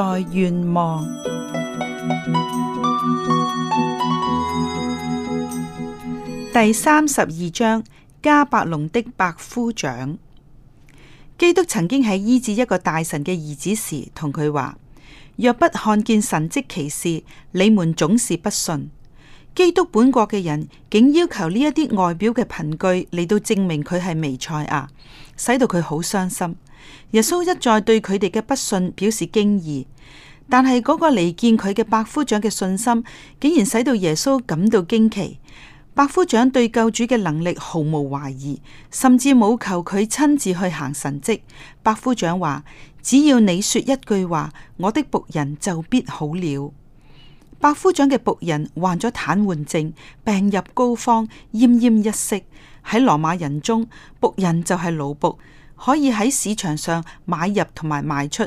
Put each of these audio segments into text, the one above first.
在願望第三十二章迦百農的百夫長，基督曾經喺醫治一個大臣嘅兒子時，同佢話：若不看見神蹟奇事，你們總是不信。基督本國嘅人竟要求呢一啲外表嘅憑據嚟到證明佢係彌賽亞，使到佢好傷心。耶穌一再對佢哋嘅不信表示驚異，但係嗰個嚟見佢嘅百夫長嘅信心，竟然使到耶穌感到驚奇。百夫長對救主嘅能力毫無懷疑，甚至冇求佢親自去行神蹟。百夫長話：只要你說一句話，我的僕人就必好了。百夫長嘅僕人患咗癱瘓症，病入膏肓，奄奄一息。喺羅馬人中，僕人就係奴僕。可以喺市場上買入同埋賣出，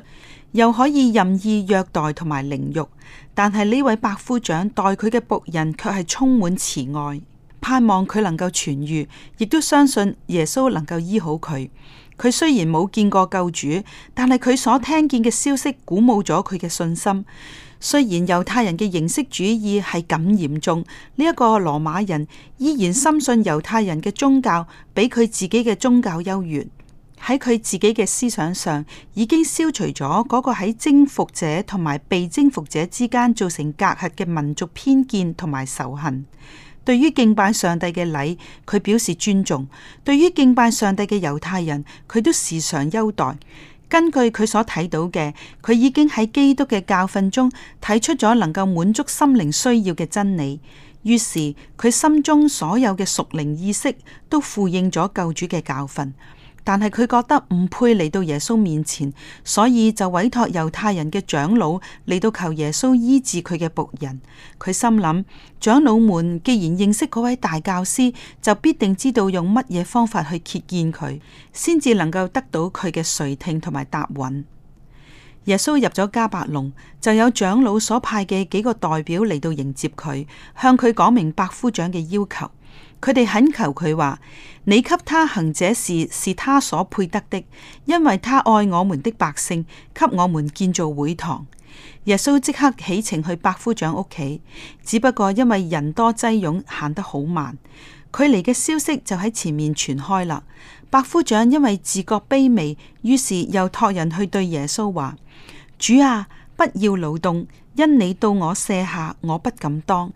又可以任意虐待同埋凌辱。但係呢位百夫長待佢嘅僕人，卻係充滿慈愛，盼望佢能夠痊愈，亦都相信耶穌能夠醫好佢。佢雖然冇見過救主，但係佢所聽見嘅消息鼓舞咗佢嘅信心。雖然猶太人嘅形式主義係咁嚴重，呢、這、一個羅馬人依然深信猶太人嘅宗教比佢自己嘅宗教優越。喺佢自己嘅思想上，已經消除咗嗰個喺征服者同埋被征服者之間造成隔閡嘅民族偏見同埋仇恨。對於敬拜上帝嘅禮，佢表示尊重；對於敬拜上帝嘅猶太人，佢都時常優待。根據佢所睇到嘅，佢已經喺基督嘅教訓中睇出咗能夠滿足心靈需要嘅真理。於是佢心中所有嘅屬靈意識都呼應咗救主嘅教訓。但係佢覺得唔配嚟到耶穌面前，所以就委託猶太人嘅長老嚟到求耶穌醫治佢嘅僕人。佢心諗，長老們既然認識嗰位大教師，就必定知道用乜嘢方法去謁見佢，先至能夠得到佢嘅垂聽同埋答允。耶穌入咗迦百農，就有長老所派嘅幾個代表嚟到迎接佢，向佢講明百夫長嘅要求。佢哋懇求佢話：你給他行這事，是他所配得的，因為他愛我們的百姓，給我們建造會堂。耶穌即刻起程去百夫長屋企，只不過因為人多擠擁，行得好慢。佢嚟嘅消息就喺前面傳開啦。百夫長因為自覺卑微，於是又托人去對耶穌話：主啊，不要勞動，因你到我舍下，我不敢當。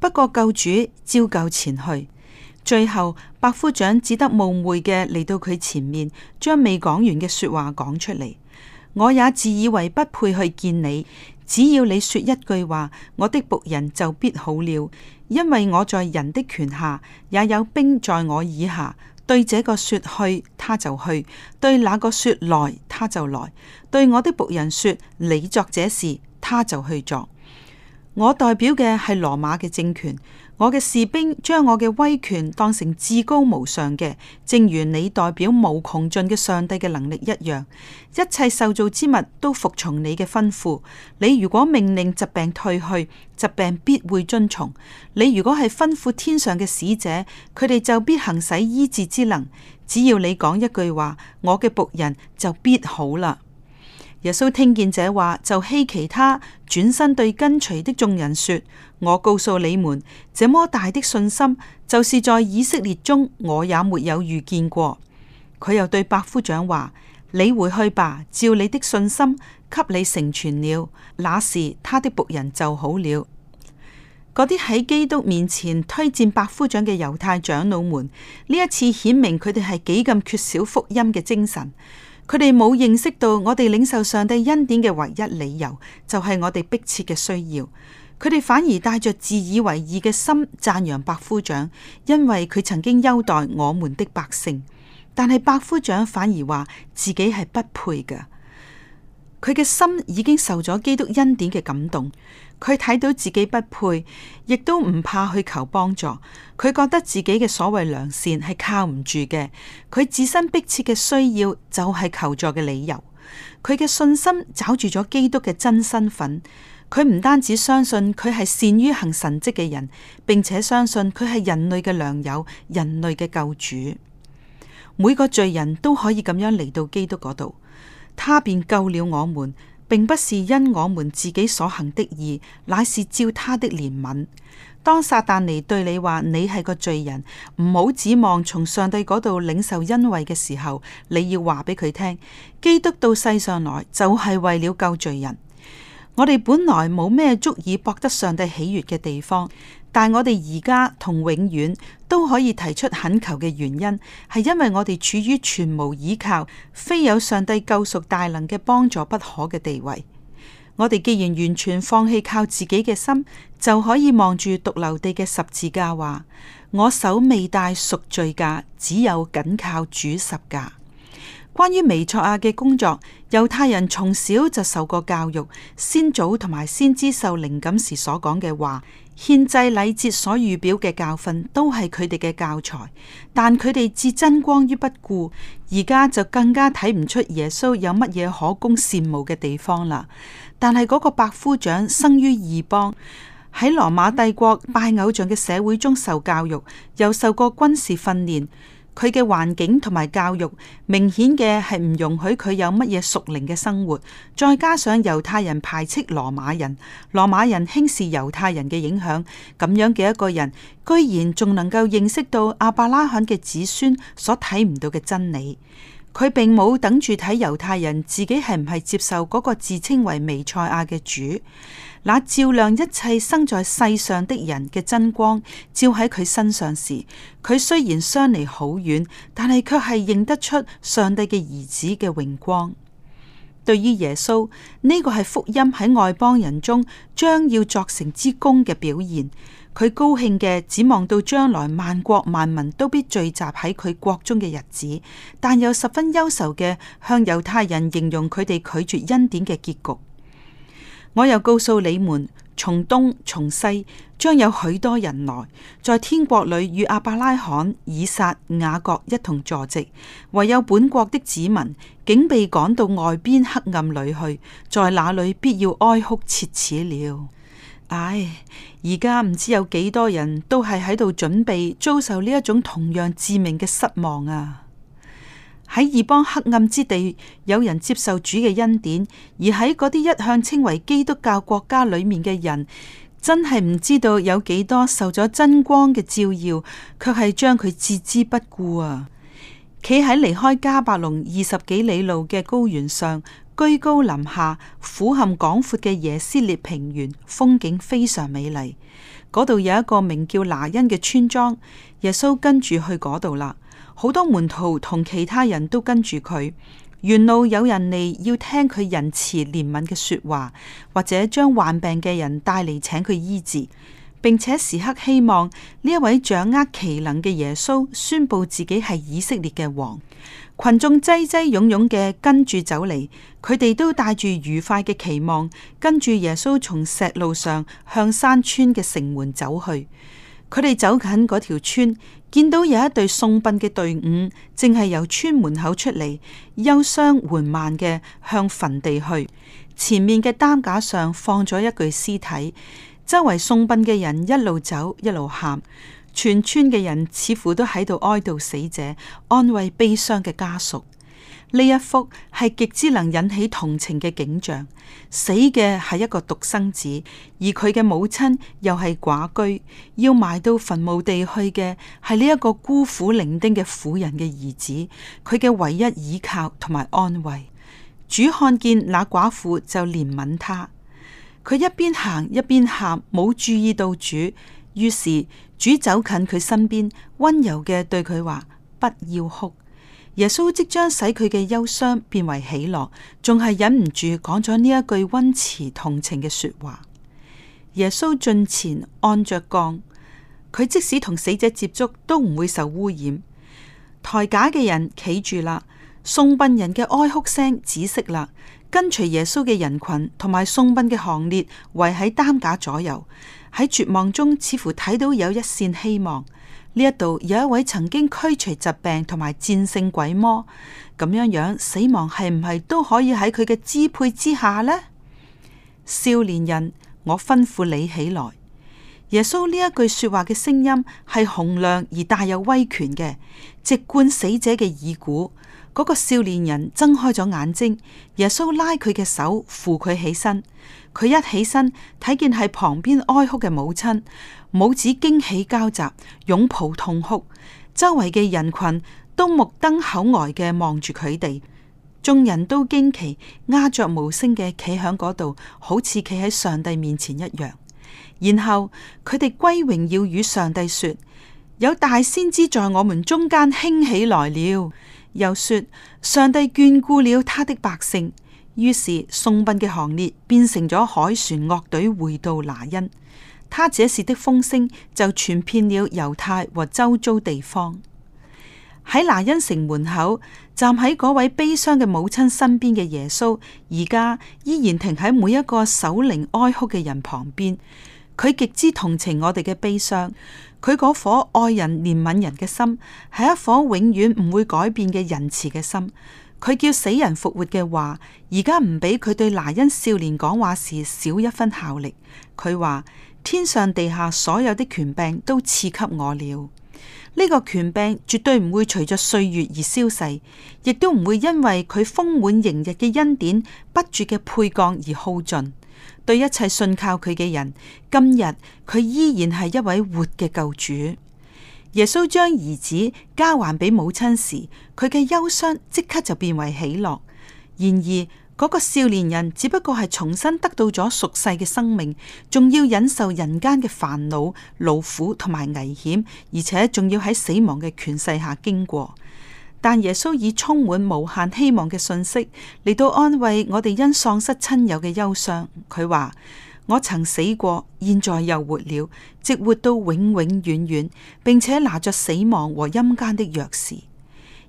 不過救主照舊前去。最後，百夫長只得冒昧嘅，嚟到佢前面，將未講完嘅說話講出嚟。我也自以為不配去見你，只要你說一句話，我的僕人就必好了。因為我在人的權下，也有兵在我以下。對這個說去，他就去；對那個說來，他就來；對我的僕人說，你作這事，他就去作。我代表嘅係羅馬嘅政權。我嘅士兵將我嘅威權當成至高無上嘅，正如你代表無窮盡嘅上帝嘅能力一樣。一切受造之物都服從你嘅吩咐。你如果命令疾病退去，疾病必會遵從。你如果係吩咐天上嘅使者，佢哋就必行使醫治之能。只要你講一句話，我嘅僕人就必好啦。耶穌聽見這話，就稀奇他，轉身對跟隨的眾人說。我告訴你們，這麼大的信心，就是在以色列中我也沒有遇見過。佢又對百夫長話：你回去吧，照你的信心，給你成全了。那時他的僕人就好了。嗰啲喺基督面前推薦百夫長嘅猶太長老們，呢一次顯明佢哋係幾咁缺少福音嘅精神。佢哋冇認識到我哋領受上帝恩典嘅唯一理由，就係我哋迫切嘅需要。佢哋反而帶着自以為義嘅心讚揚百夫長，因為佢曾經優待我們的百姓。但係百夫長反而話自己係不配噶。佢嘅心已經受咗基督恩典嘅感動，佢睇到自己不配，亦都唔怕去求幫助。佢覺得自己嘅所謂良善係靠唔住嘅，佢自身迫切嘅需要就係求助嘅理由。佢嘅信心抓住咗基督嘅真身份。佢唔單止相信佢係善於行神跡嘅人，並且相信佢係人類嘅良友、人類嘅救主。每個罪人都可以咁樣嚟到基督嗰度，他便救了我們，並不是因我們自己所行的義，乃是照他的憐憫。當撒旦尼對你話你係個罪人，唔好指望從上帝嗰度領受恩惠嘅時候，你要話俾佢聽：基督到世上來就係為了救罪人。我哋本來冇咩足以博得上帝喜悅嘅地方，但我哋而家同永遠都可以提出懇求嘅原因，係因為我哋處於全無依靠、非有上帝救贖大能嘅幫助不可嘅地位。我哋既然完全放棄靠自己嘅心，就可以望住髑髏地嘅十字架話：我手未帶贖罪價，只有緊靠主十架。關於彌賽亞嘅工作。猶太人從小就受過教育，先祖同埋先知受靈感時所講嘅話，獻祭禮節所預表嘅教訓，都係佢哋嘅教材。但佢哋置真光於不顧，而家就更加睇唔出耶穌有乜嘢可供羨慕嘅地方啦。但係嗰個百夫長生於異邦，喺羅馬帝國拜偶像嘅社會中受教育，又受過軍事訓練。佢嘅環境同埋教育，明顯嘅係唔容許佢有乜嘢熟齡嘅生活。再加上猶太人排斥羅馬人，羅馬人輕視猶太人嘅影響，咁樣嘅一個人，居然仲能夠認識到亞伯拉罕嘅子孫所睇唔到嘅真理。佢並冇等住睇猶太人自己係唔係接受嗰個自稱為彌賽亞嘅主。那照亮一切生在世上的人嘅真光，照喺佢身上時，佢雖然相離好遠，但係卻係認得出上帝嘅兒子嘅榮光。對於耶穌呢、這個係福音喺外邦人中將要作成之功嘅表現，佢高興嘅展望到將來萬國萬民都必聚集喺佢國中嘅日子，但又十分憂愁嘅向猶太人形容佢哋拒絕恩典嘅結局。我又告訴你們，從東從西，將有許多人來，在天國裏與亞伯拉罕、以撒、雅各一同坐席；唯有本國的子民，竟被趕到外邊黑暗裏去，在那裏必要哀哭切齒了。唉，而家唔知有幾多人都係喺度準備遭受呢一種同樣致命嘅失望啊！喺異邦黑暗之地，有人接受主嘅恩典；而喺嗰啲一向稱為基督教國家裏面嘅人，真係唔知道有幾多受咗真光嘅照耀，卻係將佢置之不顧啊！企喺離開迦百農二十幾里路嘅高原上，居高臨下俯瞰廣闊嘅耶斯列平原，風景非常美麗。嗰度有一個名叫拿因嘅村莊，耶穌跟住去嗰度啦。好多門徒同其他人都跟住佢，沿路有人嚟，要聽佢仁慈憐憫嘅說話，或者將患病嘅人帶嚟請佢醫治，並且時刻希望呢一位掌握奇能嘅耶穌宣布自己係以色列嘅王。群眾擠擠擁擁嘅跟住走嚟，佢哋都帶住愉快嘅期望，跟住耶穌從石路上向山村嘅城門走去。佢哋走近嗰條村，見到有一隊送殯嘅隊伍，正係由村門口出嚟，憂傷緩慢嘅向墳地去。前面嘅擔架上放咗一具屍體，周圍送殯嘅人一路走一路喊，全村嘅人似乎都喺度哀悼死者，安慰悲傷嘅家屬。呢一幅係極之能引起同情嘅景象，死嘅係一個獨生子，而佢嘅母親又係寡居，要埋到墳墓地去嘅係呢一個孤苦伶仃嘅婦人嘅兒子，佢嘅唯一倚靠同埋安慰。主看見那寡婦就憐憫她邊邊。佢一邊行一邊喊，冇注意到主，於是主走近佢身邊，溫柔嘅對佢話：不要哭。耶穌即將使佢嘅憂傷變為喜樂，仲係忍唔住講咗呢一句温慈同情嘅說話。耶穌進前按着槓，佢即使同死者接觸都唔會受污染。抬架嘅人企住啦，送殯人嘅哀哭聲止息啦，跟隨耶穌嘅人群同埋送殯嘅行列圍喺擔架左右，喺絕望中似乎睇到有一線希望。呢一度有一位曾經驅除疾病同埋戰勝鬼魔咁樣樣，死亡係唔係都可以喺佢嘅支配之下呢？少年人，我吩咐你起來。耶穌呢一句說話嘅聲音係洪亮而大有威權嘅，直貫死者嘅耳鼓。嗰個少年人睜開咗眼睛，耶穌拉佢嘅手扶佢起身。佢一起身，睇見係旁邊哀哭嘅母親。母子驚喜交集，擁抱痛哭，周圍嘅人群都目瞪口呆嘅望住佢哋。眾人都驚奇，鴉雀無聲嘅企響嗰度，好似企喺上帝面前一樣。然後佢哋歸榮耀與上帝，說：有大先知在我們中間興起來了。又說：上帝眷顧了他的百姓。於是送殯嘅行列變成咗凱旋樂隊，回到拿恩。他這時的風聲就傳遍了猶太和周遭地方。喺拿因城門口站喺嗰位悲傷嘅母親身邊嘅耶穌，而家依然停喺每一個守靈哀哭嘅人旁邊。佢極之同情我哋嘅悲傷，佢嗰顆愛人憐憫人嘅心係一顆永遠唔會改變嘅仁慈嘅心。佢叫死人復活嘅話，而家唔比佢對拿因少年講話時少一分效力。佢話：天上地下所有的權柄都賜給我了，呢個權柄絕對唔會隨着歲月而消逝，亦都唔會因為佢豐滿盈溢嘅恩典、不絕嘅配降而耗盡。對一切信靠佢嘅人，今日佢依然係一位活嘅救主。耶穌將兒子交還俾母親時，佢嘅憂傷即刻就變為喜樂。然而，嗰個少年人只不過係重新得到咗俗世嘅生命，仲要忍受人間嘅煩惱、勞苦同埋危險，而且仲要喺死亡嘅權勢下經過。但耶穌以充滿無限希望嘅信息嚟到安慰我哋因喪失親友嘅憂傷。佢話：我曾死過，現在又活了，直活到永永遠遠，並且拿着死亡和陰間的鑰匙。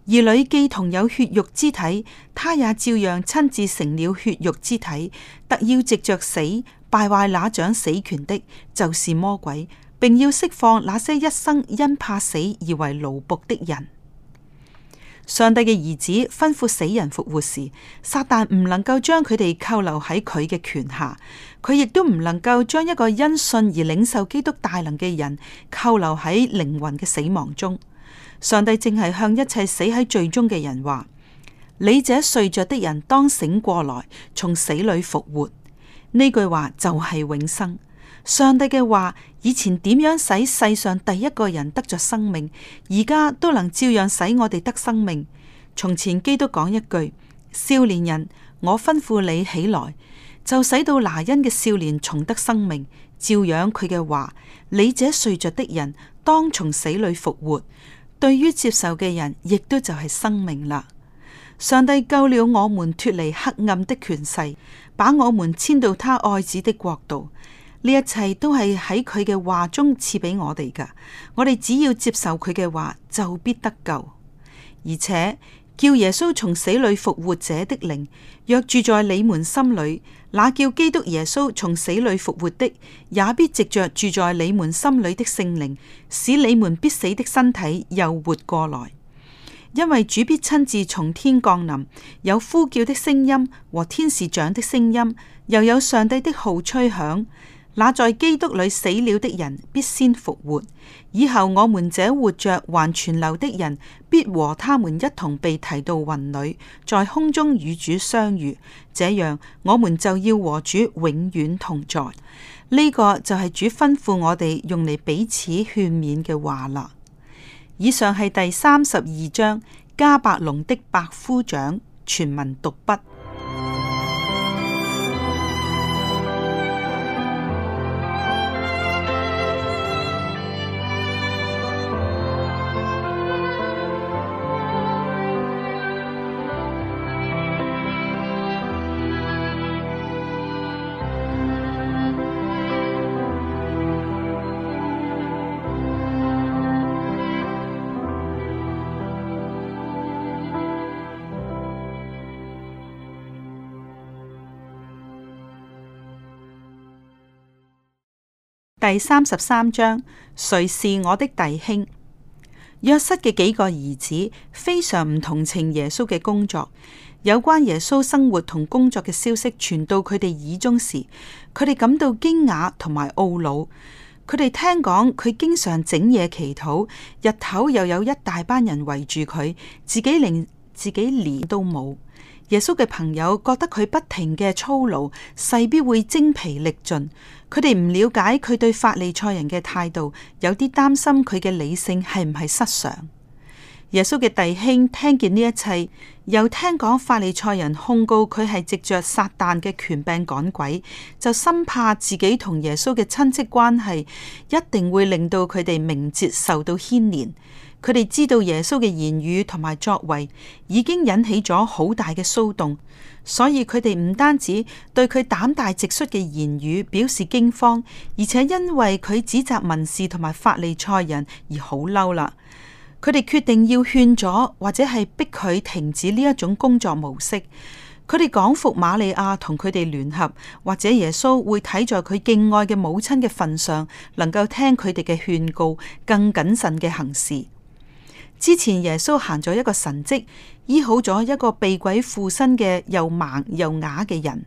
而兒女既同有血肉之體，她也照樣親自成了血肉之體。特要藉着死敗壞那掌死權的，就是魔鬼，並要釋放那些一生因怕死而為奴僕的人。上帝嘅兒子吩咐死人復活時，撒旦唔能夠將佢哋扣留喺佢嘅權下，佢亦都唔能夠將一個因信而領受基督大能嘅人扣留喺靈魂嘅死亡中。上帝正係向一切死喺罪中嘅人話：你這睡着的人當醒過來，從死裏復活。呢句話就係永生。上帝嘅話以前點樣使世上第一個人得着生命，而家都能照樣使我哋得生命。從前基督講一句：少年人，我吩咐你起來，就使到拿因嘅少年重得生命。照樣佢嘅話：你這睡着的人當從死裏復活。對於接受嘅人，亦都就係生命啦。上帝救了我們脫離黑暗的權勢，把我們遷到他愛子的國度，呢一切都係喺佢嘅話中賜俾我哋㗎。我哋只要接受佢嘅話，就必得救。而且叫耶穌從死裏復活者的靈，若住在你們心裏。那叫基督耶穌從死裏復活的，也必藉着着住在你們心裏的聖靈，使你們必死的身體又活過來。因為主必親自從天降臨，有呼叫的聲音和天使長的聲音，又有上帝的號吹響。那在基督裏死了的人，必先復活；以後我們這活着還存留的人，必和他們一同被提到雲裏，在空中與主相遇。這樣，我們就要和主永遠同在。呢、這個就係主吩咐我哋用嚟彼此勸勉嘅話啦。以上係第三十二章加百隆的百夫長。全文讀畢。第三十三章，誰是我的弟兄？約瑟嘅幾個兒子非常唔同情耶穌嘅工作。有關耶穌生活同工作嘅消息傳到佢哋耳中時，佢哋感到驚訝同埋懊惱。佢哋聽講佢經常整夜祈禱，日頭又有一大班人圍住佢，自己連自己連都冇。耶穌嘅朋友覺得佢不停嘅操勞，勢必會精疲力盡。佢哋唔了解佢對法利賽人嘅態度，有啲擔心佢嘅理性係唔係失常。耶穌嘅弟兄聽見呢一切，又聽講法利賽人控告佢係借着撒旦嘅權柄趕鬼，就深怕自己同耶穌嘅親戚關係一定會令到佢哋名節受到牽連。佢哋知道耶穌嘅言語同埋作為已經引起咗好大嘅騷動，所以佢哋唔單止對佢膽大直率嘅言語表示驚慌，而且因為佢指責文士同埋法利賽人而好嬲啦。佢哋決定要勸阻或者係逼佢停止呢一種工作模式。佢哋講服瑪利亞同佢哋聯合，或者耶穌會睇在佢敬愛嘅母親嘅份上，能夠聽佢哋嘅勸告，更謹慎嘅行事。之前耶穌行咗一個神迹，醫好咗一個被鬼附身嘅又盲又啞嘅人。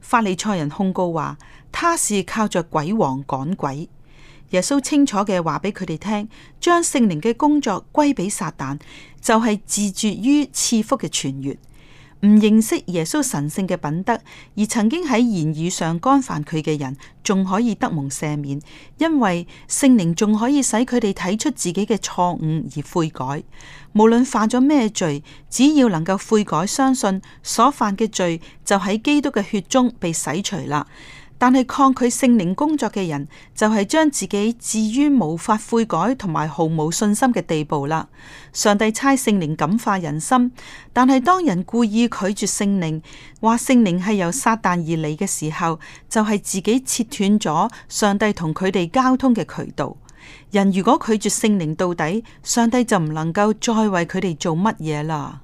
法利賽人控告話，他是靠著鬼王趕鬼。耶穌清楚嘅話俾佢哋聽，將聖靈嘅工作歸俾撒旦，就係、是、自絕於賜福嘅泉源。唔認識耶穌神聖嘅品德，而曾經喺言語上干犯佢嘅人，仲可以得蒙赦免，因為聖靈仲可以使佢哋睇出自己嘅錯誤而悔改。無論犯咗咩罪，只要能夠悔改，相信所犯嘅罪就喺基督嘅血中被洗除啦。但係抗拒聖靈工作嘅人，就係、是、將自己置於無法悔改同埋毫無信心嘅地步啦。上帝差聖靈感化人心，但係當人故意拒絕聖靈，話聖靈係由撒旦而嚟嘅時候，就係、是、自己切斷咗上帝同佢哋交通嘅渠道。人如果拒絕聖靈到底，上帝就唔能夠再為佢哋做乜嘢啦。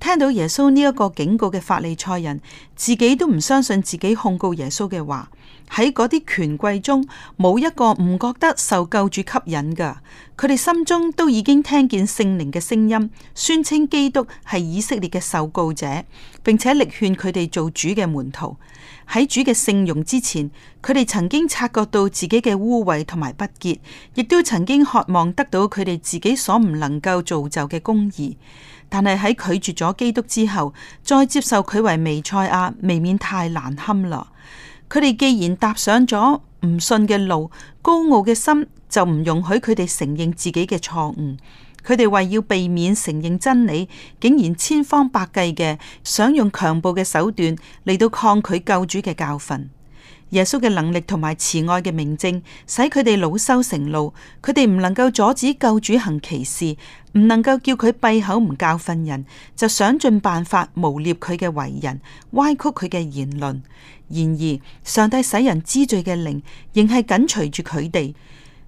聽到耶穌呢一個警告嘅法利賽人，自己都唔相信自己控告耶穌嘅話。喺嗰啲權貴中，冇一個唔覺得受救主吸引噶。佢哋心中都已經聽見聖靈嘅聲音，宣稱基督係以色列嘅受膏者，並且力勸佢哋做主嘅門徒。喺主嘅聖容之前，佢哋曾經察覺到自己嘅污穢同埋不潔，亦都曾經渴望得到佢哋自己所唔能夠造就嘅公義。但係喺拒絕咗基督之後，再接受佢為彌賽亞，未免太難堪啦。佢哋既然踏上咗唔信嘅路，高傲嘅心就唔容許佢哋承認自己嘅錯誤。佢哋為要避免承認真理，竟然千方百計嘅想用強暴嘅手段嚟到抗拒救主嘅教訓。耶穌嘅能力同埋慈愛嘅名證，使佢哋惱羞成怒。佢哋唔能夠阻止救主行奇事。唔能夠叫佢閉口唔教訓人，就想盡辦法誣衊佢嘅為人，歪曲佢嘅言論。然而，上帝使人知罪嘅靈仍係緊隨住佢哋，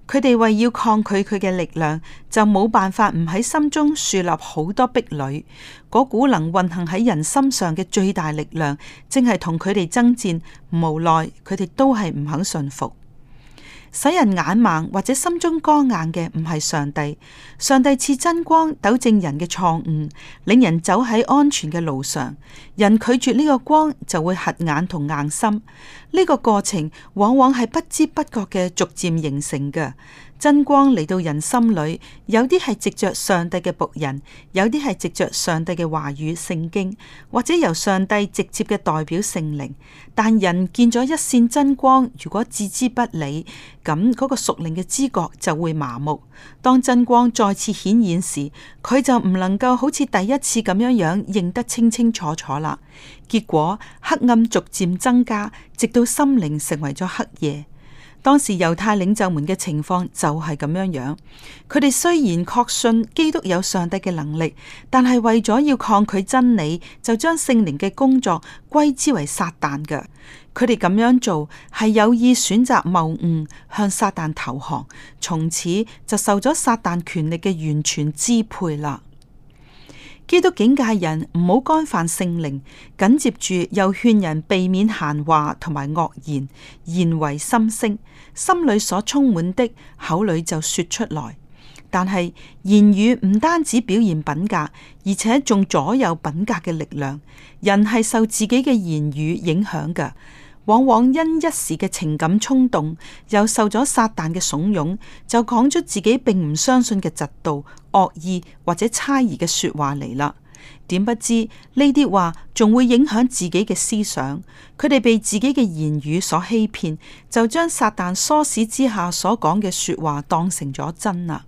佢哋為要抗拒佢嘅力量，就冇辦法唔喺心中樹立好多壁壘。嗰股能運行喺人心上嘅最大力量，正係同佢哋爭戰，無奈佢哋都係唔肯順服。使人眼盲或者心中剛硬嘅唔係上帝，上帝賜真光糾正人嘅錯誤，令人走喺安全嘅路上。人拒絕呢個光，就會瞎眼同硬心。呢、這個過程往往係不知不覺嘅，逐漸形成嘅。真光嚟到人心裏，有啲係藉着上帝嘅僕人，有啲係藉着上帝嘅話語、聖經，或者由上帝直接嘅代表聖靈。但人見咗一線真光，如果置之不理，咁嗰個屬靈嘅知覺就會麻木。當真光再次顯現時，佢就唔能夠好似第一次咁樣樣認得清清楚楚啦。結果黑暗逐漸增加，直到心靈成為咗黑夜。當時猶太領袖們嘅情況就係咁樣樣，佢哋雖然確信基督有上帝嘅能力，但係為咗要抗拒真理，就將聖靈嘅工作歸之為撒旦嘅。佢哋咁樣做，係有意選擇謬誤，向撒旦投降，從此就受咗撒旦權力嘅完全支配啦。基督警戒人唔好干犯聖靈，緊接住又勸人避免閒話同埋惡言，言為心聲，心裏所充滿的口裏就說出來。但係言語唔單止表現品格，而且仲左右品格嘅力量。人係受自己嘅言語影響㗎。往往因一時嘅情感衝動，又受咗撒旦嘅慫恿，就講出自己並唔相信嘅嫉妒、惡意或者猜疑嘅說話嚟啦。點不知呢啲話仲會影響自己嘅思想，佢哋被自己嘅言語所欺騙，就將撒旦唆使之下所講嘅說話當成咗真啦。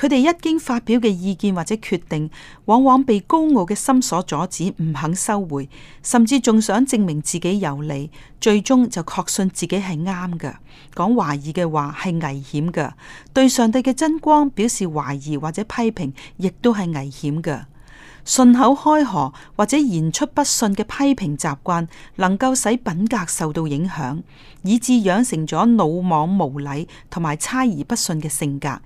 佢哋一經發表嘅意見或者決定，往往被高傲嘅心所阻止，唔肯收回，甚至仲想證明自己有理，最終就確信自己係啱嘅。講懷疑嘅話係危險嘅，對上帝嘅真光表示懷疑或者批評，亦都係危險嘅。信口開河或者言出不遜嘅批評習慣，能夠使品格受到影響，以致養成咗魯莽無禮同埋猜疑不信嘅性格。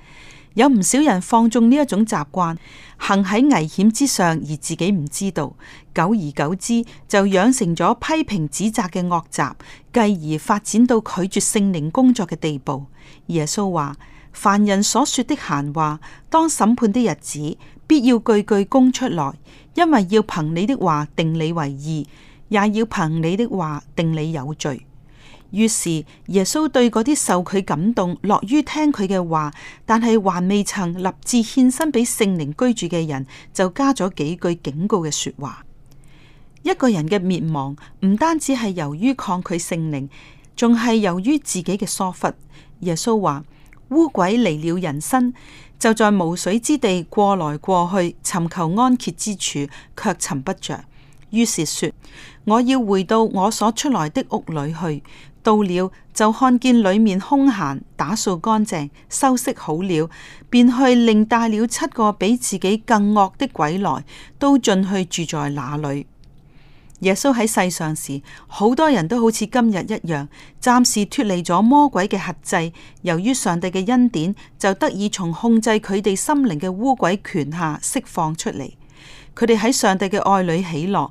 有唔少人放縱呢一種習慣，行喺危險之上而自己唔知道，久而久之就養成咗批評指責嘅惡習，繼而發展到拒絕聖靈工作嘅地步。耶穌話：凡人所說的閒話，當審判的日子，必要句句供出來，因為要憑你的話定你為義，也要憑你的話定你有罪。於是耶穌對嗰啲受佢感動、樂於聽佢嘅話，但係還未曾立志獻身俾聖靈居住嘅人，就加咗幾句警告嘅說話。一個人嘅滅亡唔單止係由於抗拒聖靈，仲係由於自己嘅疏忽。耶穌話：污鬼離了人身，就在無水之地過來過去，尋求安歇之處，卻尋不着。於是說：我要回到我所出來的屋裏去。到了就看見裏面空閒，打掃乾淨，修飾好了，便去另帶了七個比自己更惡的鬼來，都進去住在那裏。耶穌喺世上時，好多人都好似今日一樣，暫時脫離咗魔鬼嘅轄制，由於上帝嘅恩典，就得以從控制佢哋心靈嘅污鬼權下釋放出嚟，佢哋喺上帝嘅愛裏喜樂，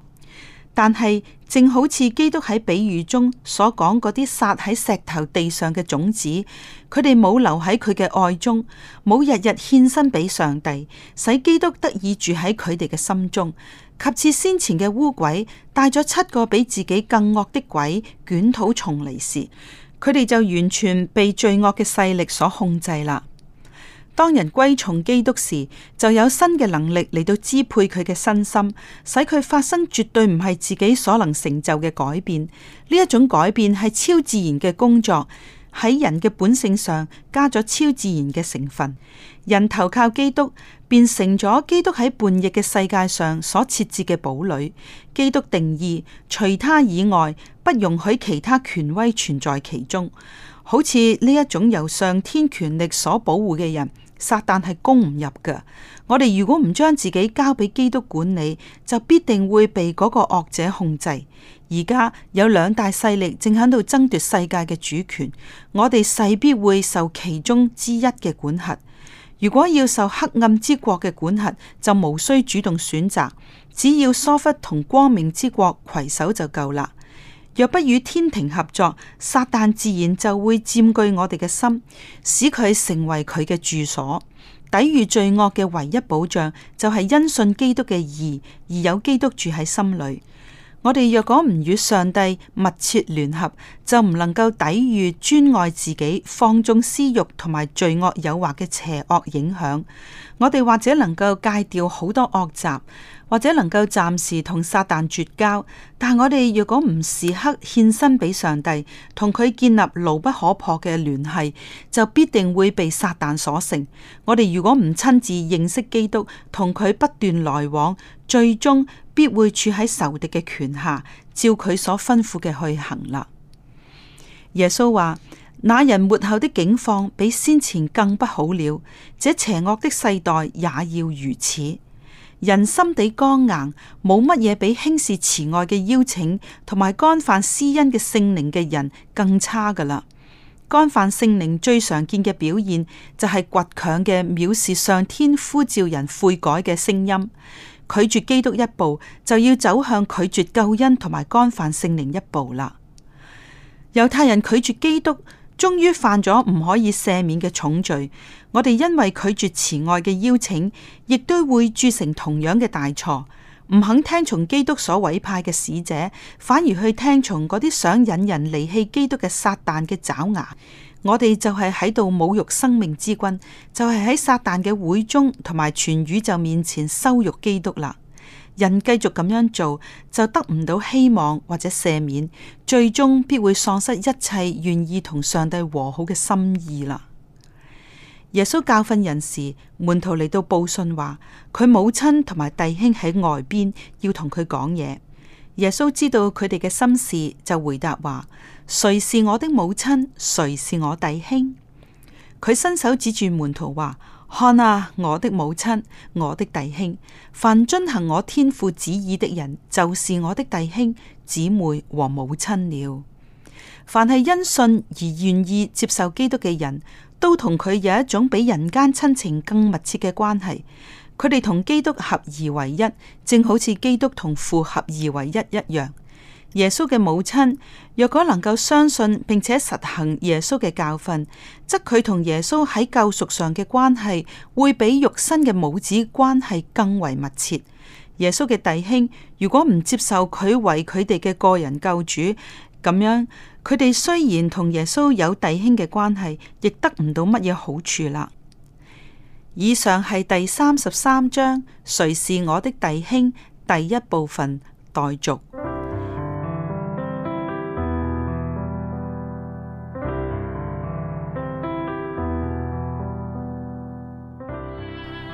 但係，正好似基督喺比喻中所講嗰啲撒喺石頭地上嘅種子，佢哋冇留喺佢嘅愛中，冇日日獻身俾上帝，使基督得以住喺佢哋嘅心中。及至先前嘅污鬼帶咗七個比自己更惡的鬼捲土重嚟時，佢哋就完全被罪惡嘅勢力所控制啦。當人歸從基督時，就有新嘅能力嚟到支配佢嘅身心，使佢發生絕對唔係自己所能成就嘅改變。呢一種改變係超自然嘅工作，喺人嘅本性上加咗超自然嘅成分。人投靠基督，變成咗基督喺叛逆嘅世界上所設置嘅堡壘。基督定義，除他以外，不容許其他權威存在其中。好似呢一種由上天權力所保護嘅人，撒旦係攻唔入噶我哋如果唔將自己交俾基督管理，就必定會被嗰個惡者控制。而家有兩大勢力正喺度爭奪世界嘅主權，我哋勢必會受其中之一嘅管轄。如果要受黑暗之國嘅管轄，就無需主動選擇，只要疏忽同光明之國攜手就夠啦。若不與天庭合作，撒旦自然就會佔據我哋嘅心，使佢成為佢嘅住所。抵禦罪惡嘅唯一保障，就係因信基督嘅義而有基督住喺心裏。我哋若果唔與上帝密切聯合，就唔能夠抵御專愛自己、放縱私欲同埋罪惡誘惑嘅邪惡影響。我哋或者能夠戒掉好多惡習，或者能夠暫時同撒旦絕交。但我哋若果唔時刻獻身俾上帝，同佢建立牢不可破嘅聯繫，就必定會被撒旦所勝。我哋如果唔親自認識基督，同佢不斷來往，最終，必會處喺仇敵嘅權下，照佢所吩咐嘅去行啦。耶穌話：那人末後的境況比先前更不好了，這邪惡的世代也要如此。人心地剛硬，冇乜嘢比輕視慈愛嘅邀請同埋干犯私恩嘅聖靈嘅人更差㗎喇。干犯聖靈最常見嘅表現就係倔強嘅藐視上天呼召人悔改嘅聲音。拒絕基督一步，就要走向拒絕救恩同埋干犯聖靈一步啦。猶太人拒絕基督，終於犯咗唔可以赦免嘅重罪。我哋因為拒絕慈愛嘅邀請，亦都會鑄成同樣嘅大錯。唔肯聽從基督所委派嘅使者，反而去聽從嗰啲想引人離棄基督嘅撒旦嘅爪牙。我哋就係喺度侮辱生命之君，就係喺撒旦嘅會中同埋全宇宙面前羞辱基督啦。人繼續咁樣做，就得唔到希望或者赦免，最終必會喪失一切願意同上帝和好嘅心意啦。耶穌教訓人時，門徒嚟到報信話，佢母親同埋弟兄喺外邊要同佢講嘢。耶穌知道佢哋嘅心事，就回答話。誰是我的母親，誰是我弟兄？佢伸手指住門徒話：看啊，我的母親，我的弟兄。凡遵行我天父旨意的人，就是我的弟兄姊妹和母親了。凡係因信而願意接受基督嘅人，都同佢有一種比人間親情更密切嘅關係。佢哋同基督合二為一，正好似基督同父合二為一一樣。耶穌嘅母親若果能夠相信並且實行耶穌嘅教訓，則佢同耶穌喺救贖上嘅關係會比肉身嘅母子關係更為密切。耶穌嘅弟兄如果唔接受佢為佢哋嘅個人救主，咁樣佢哋雖然同耶穌有弟兄嘅關係，亦得唔到乜嘢好處啦。以上係第三十三章誰是我的弟兄第一部分待續。